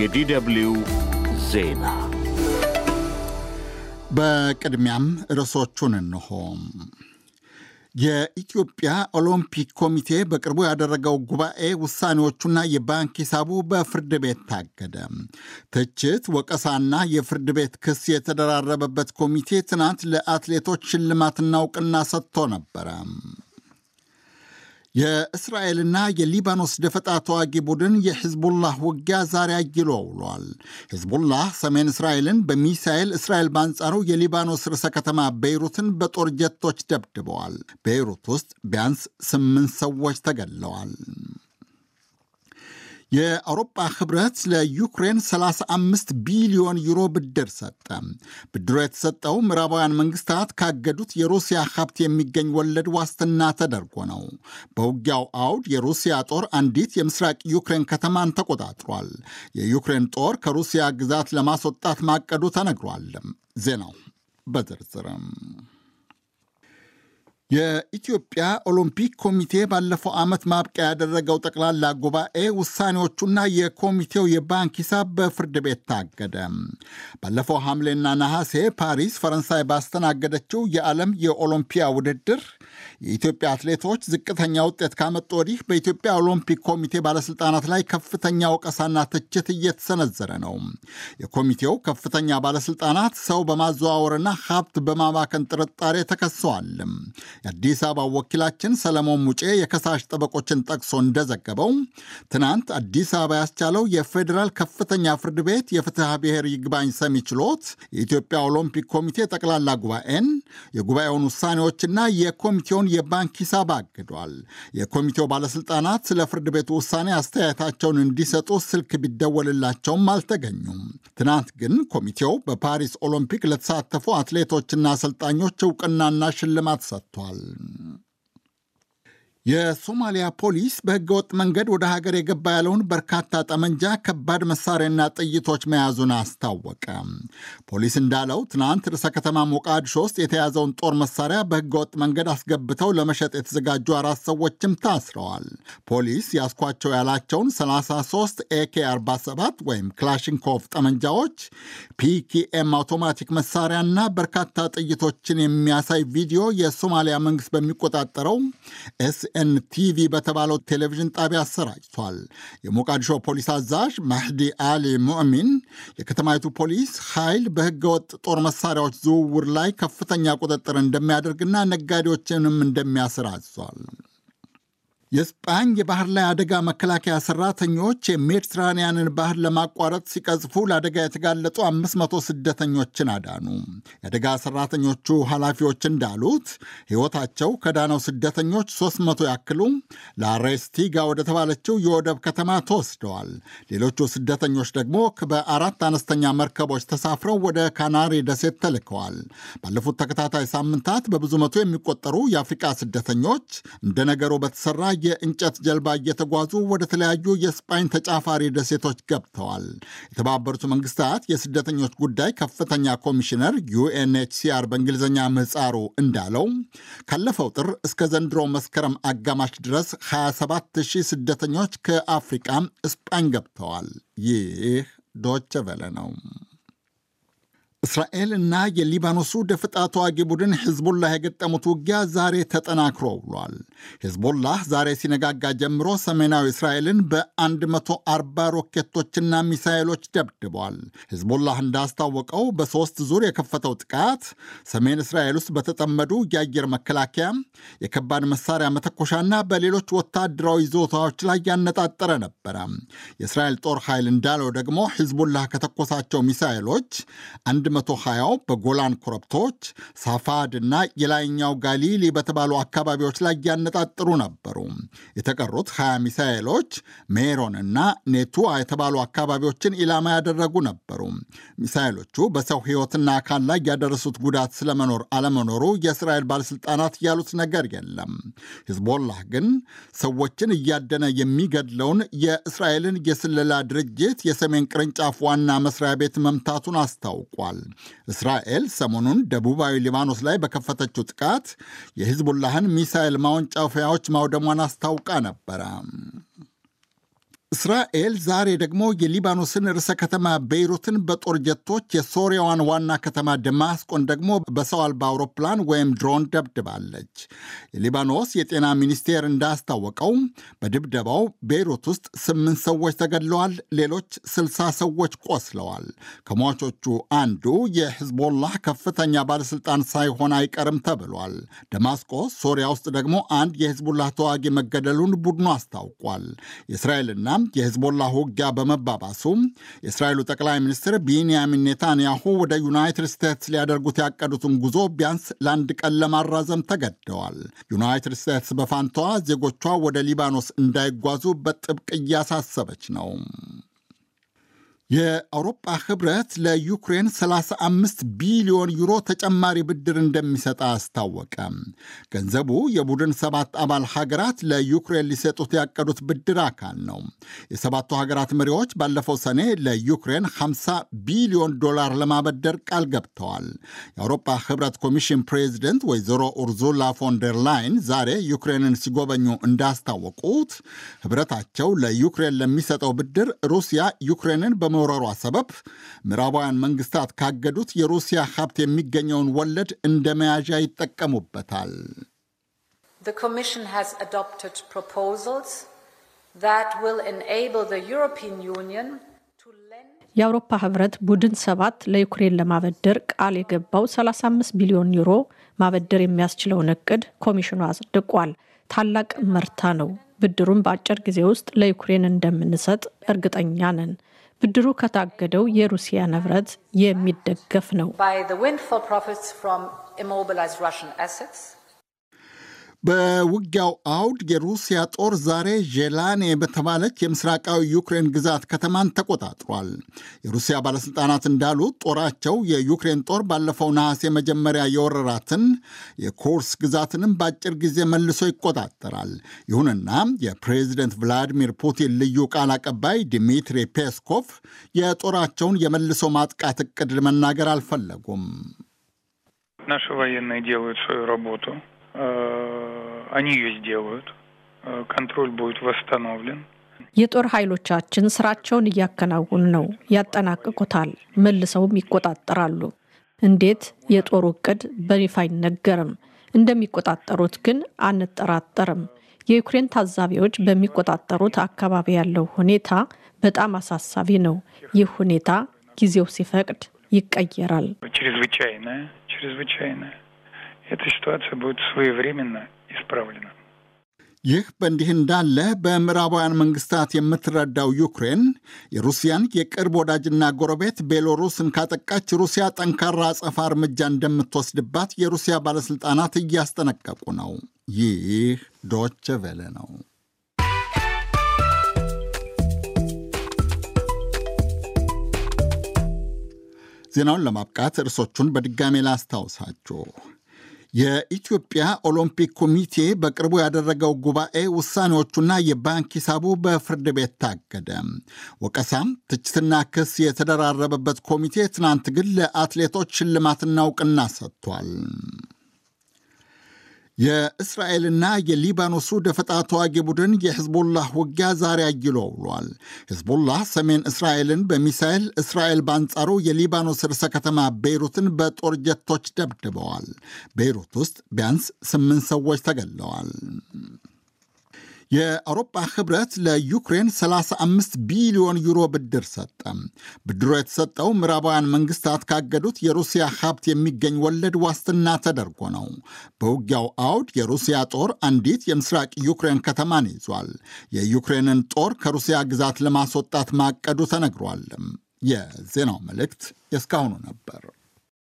የዲደብልዩ ዜና በቅድሚያም ርዕሶቹን እንሆ። የኢትዮጵያ ኦሎምፒክ ኮሚቴ በቅርቡ ያደረገው ጉባኤ ውሳኔዎቹና የባንክ ሂሳቡ በፍርድ ቤት ታገደ። ትችት፣ ወቀሳና የፍርድ ቤት ክስ የተደራረበበት ኮሚቴ ትናንት ለአትሌቶች ሽልማትና እውቅና ሰጥቶ ነበረ። የእስራኤልና የሊባኖስ ደፈጣ ተዋጊ ቡድን የሕዝቡላህ ውጊያ ዛሬ አይሎ ውሏል። ሕዝቡላህ ሰሜን እስራኤልን በሚሳኤል እስራኤል በአንጻሩ የሊባኖስ ርዕሰ ከተማ ቤይሩትን በጦር ጀቶች ደብድበዋል። ቤይሩት ውስጥ ቢያንስ ስምንት ሰዎች ተገለዋል። የአውሮጳ ህብረት ለዩክሬን 35 ቢሊዮን ዩሮ ብድር ሰጠ። ብድሩ የተሰጠው ምዕራባውያን መንግስታት ካገዱት የሩሲያ ሀብት የሚገኝ ወለድ ዋስትና ተደርጎ ነው። በውጊያው አውድ የሩሲያ ጦር አንዲት የምስራቅ ዩክሬን ከተማን ተቆጣጥሯል። የዩክሬን ጦር ከሩሲያ ግዛት ለማስወጣት ማቀዱ ተነግሯል። ዜናው በዝርዝርም የኢትዮጵያ ኦሎምፒክ ኮሚቴ ባለፈው ዓመት ማብቂያ ያደረገው ጠቅላላ ጉባኤ ውሳኔዎቹና የኮሚቴው የባንክ ሂሳብ በፍርድ ቤት ታገደ። ባለፈው ሐምሌና ነሐሴ ፓሪስ ፈረንሳይ ባስተናገደችው የዓለም የኦሎምፒያ ውድድር የኢትዮጵያ አትሌቶች ዝቅተኛ ውጤት ካመጡ ወዲህ በኢትዮጵያ ኦሎምፒክ ኮሚቴ ባለስልጣናት ላይ ከፍተኛ ወቀሳና ትችት እየተሰነዘረ ነው። የኮሚቴው ከፍተኛ ባለስልጣናት ሰው በማዘዋወርና ሀብት በማባከን ጥርጣሬ ተከሰዋል። የአዲስ አበባ ወኪላችን ሰለሞን ሙጬ የከሳሽ ጠበቆችን ጠቅሶ እንደዘገበው ትናንት አዲስ አበባ ያስቻለው የፌዴራል ከፍተኛ ፍርድ ቤት የፍትሐ ብሔር ይግባኝ ሰሚ ችሎት የኢትዮጵያ ኦሎምፒክ ኮሚቴ ጠቅላላ ጉባኤን የጉባኤውን ውሳኔዎችና የኮሚ ኮሚቴውን የባንክ ሂሳብ አግዷል። የኮሚቴው ባለስልጣናት ስለ ፍርድ ቤቱ ውሳኔ አስተያየታቸውን እንዲሰጡ ስልክ ቢደወልላቸውም አልተገኙም። ትናንት ግን ኮሚቴው በፓሪስ ኦሎምፒክ ለተሳተፉ አትሌቶችና አሰልጣኞች እውቅናና ሽልማት ሰጥቷል። የሶማሊያ ፖሊስ በህገወጥ መንገድ ወደ ሀገር የገባ ያለውን በርካታ ጠመንጃ፣ ከባድ መሳሪያና ጥይቶች መያዙን አስታወቀ። ፖሊስ እንዳለው ትናንት ርዕሰ ከተማ ሞቃዲሾ ውስጥ የተያዘውን ጦር መሳሪያ በህገወጥ መንገድ አስገብተው ለመሸጥ የተዘጋጁ አራት ሰዎችም ታስረዋል። ፖሊስ ያስኳቸው ያላቸውን 33 ኤኬ 47 ወይም ክላሽንኮቭ ጠመንጃዎች፣ ፒኬኤም አውቶማቲክ መሳሪያና በርካታ ጥይቶችን የሚያሳይ ቪዲዮ የሶማሊያ መንግስት በሚቆጣጠረው ኤን ቲቪ በተባለው ቴሌቪዥን ጣቢያ አሰራጭቷል። የሞቃዲሾ ፖሊስ አዛዥ ማህዲ አሊ ሙዕሚን የከተማይቱ ፖሊስ ኃይል በህገወጥ ጦር መሳሪያዎች ዝውውር ላይ ከፍተኛ ቁጥጥር እንደሚያደርግና ነጋዴዎችንም እንደሚያስር አዟል። የስጳኝ የባህር ላይ አደጋ መከላከያ ሰራተኞች የሜዲትራንያንን ባህር ለማቋረጥ ሲቀዝፉ ለአደጋ የተጋለጡ 500 ስደተኞችን አዳኑ። የአደጋ ሰራተኞቹ ኃላፊዎች እንዳሉት ሕይወታቸው ከዳነው ስደተኞች 300 ያክሉ ላሬስቲጋ ወደተባለችው የወደብ ከተማ ተወስደዋል። ሌሎቹ ስደተኞች ደግሞ በአራት አነስተኛ መርከቦች ተሳፍረው ወደ ካናሪ ደሴት ተልከዋል። ባለፉት ተከታታይ ሳምንታት በብዙ መቶ የሚቆጠሩ የአፍሪቃ ስደተኞች እንደ ነገሩ በተሰራ የእንጨት ጀልባ እየተጓዙ ወደ ተለያዩ የስፓኝ ተጫፋሪ ደሴቶች ገብተዋል። የተባበሩት መንግስታት የስደተኞች ጉዳይ ከፍተኛ ኮሚሽነር ዩኤንኤችሲአር በእንግሊዝኛ ምጻሩ እንዳለው ካለፈው ጥር እስከ ዘንድሮ መስከረም አጋማሽ ድረስ 27000 ስደተኞች ከአፍሪቃ እስጳኝ ገብተዋል። ይህ ዶቸ ነው። እስራኤልና የሊባኖሱ ደፈጣ ተዋጊ ቡድን ሕዝቡላህ የገጠሙት ውጊያ ዛሬ ተጠናክሮ ውሏል። ሕዝቡላህ ዛሬ ሲነጋጋ ጀምሮ ሰሜናዊ እስራኤልን በ140 ሮኬቶችና ሚሳይሎች ደብድቧል። ሕዝቡላህ እንዳስታወቀው በሦስት ዙር የከፈተው ጥቃት ሰሜን እስራኤል ውስጥ በተጠመዱ የአየር መከላከያ፣ የከባድ መሳሪያ መተኮሻና በሌሎች ወታደራዊ ይዞታዎች ላይ ያነጣጠረ ነበረ። የእስራኤል ጦር ኃይል እንዳለው ደግሞ ሕዝቡላህ ከተኮሳቸው ሚሳይሎች 120 በጎላን ኮረብቶች እና የላይኛው ጋሊሊ በተባሉ አካባቢዎች ላይ ያነጣጥሩ ነበሩ። የተቀሩት 20 ሚሳኤሎች ሜሮን እና ኔቱዋ የተባሉ አካባቢዎችን ኢላማ ያደረጉ ነበሩ። ሚሳኤሎቹ በሰው ህይወትና አካል ላይ ያደረሱት ጉዳት ስለመኖር አለመኖሩ የእስራኤል ባለሥልጣናት ያሉት ነገር የለም። ህዝቦላህ ግን ሰዎችን እያደነ የሚገድለውን የእስራኤልን የስለላ ድርጅት የሰሜን ቅርንጫፍ ዋና መስሪያ ቤት መምታቱን አስታውቋል። እስራኤል ሰሞኑን ደቡባዊ ሊባኖስ ላይ በከፈተችው ጥቃት የሂዝቡላህን ሚሳኤል ማወንጫፊያዎች ማውደሟን አስታውቃ ነበረ። እስራኤል ዛሬ ደግሞ የሊባኖስን ርዕሰ ከተማ ቤይሩትን በጦር ጀቶች፣ የሶሪያዋን ዋና ከተማ ደማስቆን ደግሞ በሰው አልባ አውሮፕላን ወይም ድሮን ደብድባለች። የሊባኖስ የጤና ሚኒስቴር እንዳስታወቀው በድብደባው ቤይሩት ውስጥ ስምንት ሰዎች ተገድለዋል፣ ሌሎች ስልሳ ሰዎች ቆስለዋል። ከሟቾቹ አንዱ የሕዝቦላህ ከፍተኛ ባለሥልጣን ሳይሆን አይቀርም ተብሏል። ደማስቆ ሶሪያ ውስጥ ደግሞ አንድ የሕዝቡላህ ተዋጊ መገደሉን ቡድኑ አስታውቋል። የእስራኤልና የህዝቦላ ውጊያ በመባባሱ የእስራኤሉ ጠቅላይ ሚኒስትር ቢንያሚን ኔታንያሁ ወደ ዩናይትድ ስቴትስ ሊያደርጉት ያቀዱትን ጉዞ ቢያንስ ለአንድ ቀን ለማራዘም ተገደዋል። ዩናይትድ ስቴትስ በፋንታዋ ዜጎቿ ወደ ሊባኖስ እንዳይጓዙ በጥብቅ እያሳሰበች ነው። የአውሮጳ ህብረት ለዩክሬን 35 ቢሊዮን ዩሮ ተጨማሪ ብድር እንደሚሰጥ አስታወቀ። ገንዘቡ የቡድን ሰባት አባል ሀገራት ለዩክሬን ሊሰጡት ያቀዱት ብድር አካል ነው። የሰባቱ ሀገራት መሪዎች ባለፈው ሰኔ ለዩክሬን 50 ቢሊዮን ዶላር ለማበደር ቃል ገብተዋል። የአውሮጳ ህብረት ኮሚሽን ፕሬዚደንት ወይዘሮ ኡርዙላ ፎንደር ላይን ዛሬ ዩክሬንን ሲጎበኙ እንዳስታወቁት ህብረታቸው ለዩክሬን ለሚሰጠው ብድር ሩሲያ ዩክሬንን በ መውረሯ ሰበብ ምዕራባውያን መንግስታት ካገዱት የሩሲያ ሀብት የሚገኘውን ወለድ እንደ መያዣ ይጠቀሙበታል። የአውሮፓ ህብረት ቡድን ሰባት ለዩክሬን ለማበደር ቃል የገባው 35 ቢሊዮን ዩሮ ማበደር የሚያስችለውን እቅድ ኮሚሽኑ አጽድቋል። ታላቅ መርታ ነው። ብድሩን በአጭር ጊዜ ውስጥ ለዩክሬን እንደምንሰጥ እርግጠኛ ነን። ብድሩ ከታገደው የሩሲያ ንብረት የሚደገፍ ነው። በውጊያው አውድ የሩሲያ ጦር ዛሬ ዤላኔ በተባለች የምስራቃዊ ዩክሬን ግዛት ከተማን ተቆጣጥሯል። የሩሲያ ባለሥልጣናት እንዳሉት ጦራቸው የዩክሬን ጦር ባለፈው ነሐሴ መጀመሪያ የወረራትን የኮርስ ግዛትንም በአጭር ጊዜ መልሶ ይቆጣጠራል። ይሁንና የፕሬዚደንት ቭላዲሚር ፑቲን ልዩ ቃል አቀባይ ዲሚትሪ ፔስኮቭ የጦራቸውን የመልሶ ማጥቃት እቅድ መናገር አልፈለጉም። Э, они ее сделают, э, контроль будет восстановлен. የጦር ኃይሎቻችን ስራቸውን እያከናውን ነው፣ ያጠናቅቁታል፣ መልሰውም ይቆጣጠራሉ። እንዴት የጦር እቅድ በይፋ አይነገርም። እንደሚቆጣጠሩት ግን አንጠራጠርም። የዩክሬን ታዛቢዎች በሚቆጣጠሩት አካባቢ ያለው ሁኔታ በጣም አሳሳቢ ነው። ይህ ሁኔታ ጊዜው ሲፈቅድ ይቀየራል። эта ситуация будет своевременно исправлена. ይህ በእንዲህ እንዳለ በምዕራባውያን መንግስታት የምትረዳው ዩክሬን የሩሲያን የቅርብ ወዳጅና ጎረቤት ቤሎሩስን ካጠቃች ሩሲያ ጠንካራ አጸፋ እርምጃ እንደምትወስድባት የሩሲያ ባለሥልጣናት እያስጠነቀቁ ነው። ይህ ዶች ቬለ ነው። ዜናውን ለማብቃት እርሶቹን በድጋሜ ላስታውሳችሁ። የኢትዮጵያ ኦሎምፒክ ኮሚቴ በቅርቡ ያደረገው ጉባኤ ውሳኔዎቹና የባንክ ሂሳቡ በፍርድ ቤት ታገደ። ወቀሳም፣ ትችትና ክስ የተደራረበበት ኮሚቴ ትናንት ግን ለአትሌቶች ሽልማትና እውቅና ሰጥቷል። የእስራኤልና የሊባኖሱ ደፈጣ ተዋጊ ቡድን የሕዝቡላህ ውጊያ ዛሬ አይሎ ውሏል። ሕዝቦላህ ሰሜን እስራኤልን በሚሳኤል እስራኤል በአንጻሩ የሊባኖስ ርዕሰ ከተማ ቤይሩትን በጦር ጀቶች ደብድበዋል። ቤይሩት ውስጥ ቢያንስ ስምንት ሰዎች ተገለዋል። የአውሮፓ ህብረት ለዩክሬን 35 ቢሊዮን ዩሮ ብድር ሰጠ። ብድሩ የተሰጠው ምዕራባውያን መንግስታት ካገዱት የሩሲያ ሀብት የሚገኝ ወለድ ዋስትና ተደርጎ ነው። በውጊያው አውድ የሩሲያ ጦር አንዲት የምስራቅ ዩክሬን ከተማን ይዟል። የዩክሬንን ጦር ከሩሲያ ግዛት ለማስወጣት ማቀዱ ተነግሯል። የዜናው መልእክት የእስካሁኑ ነበር።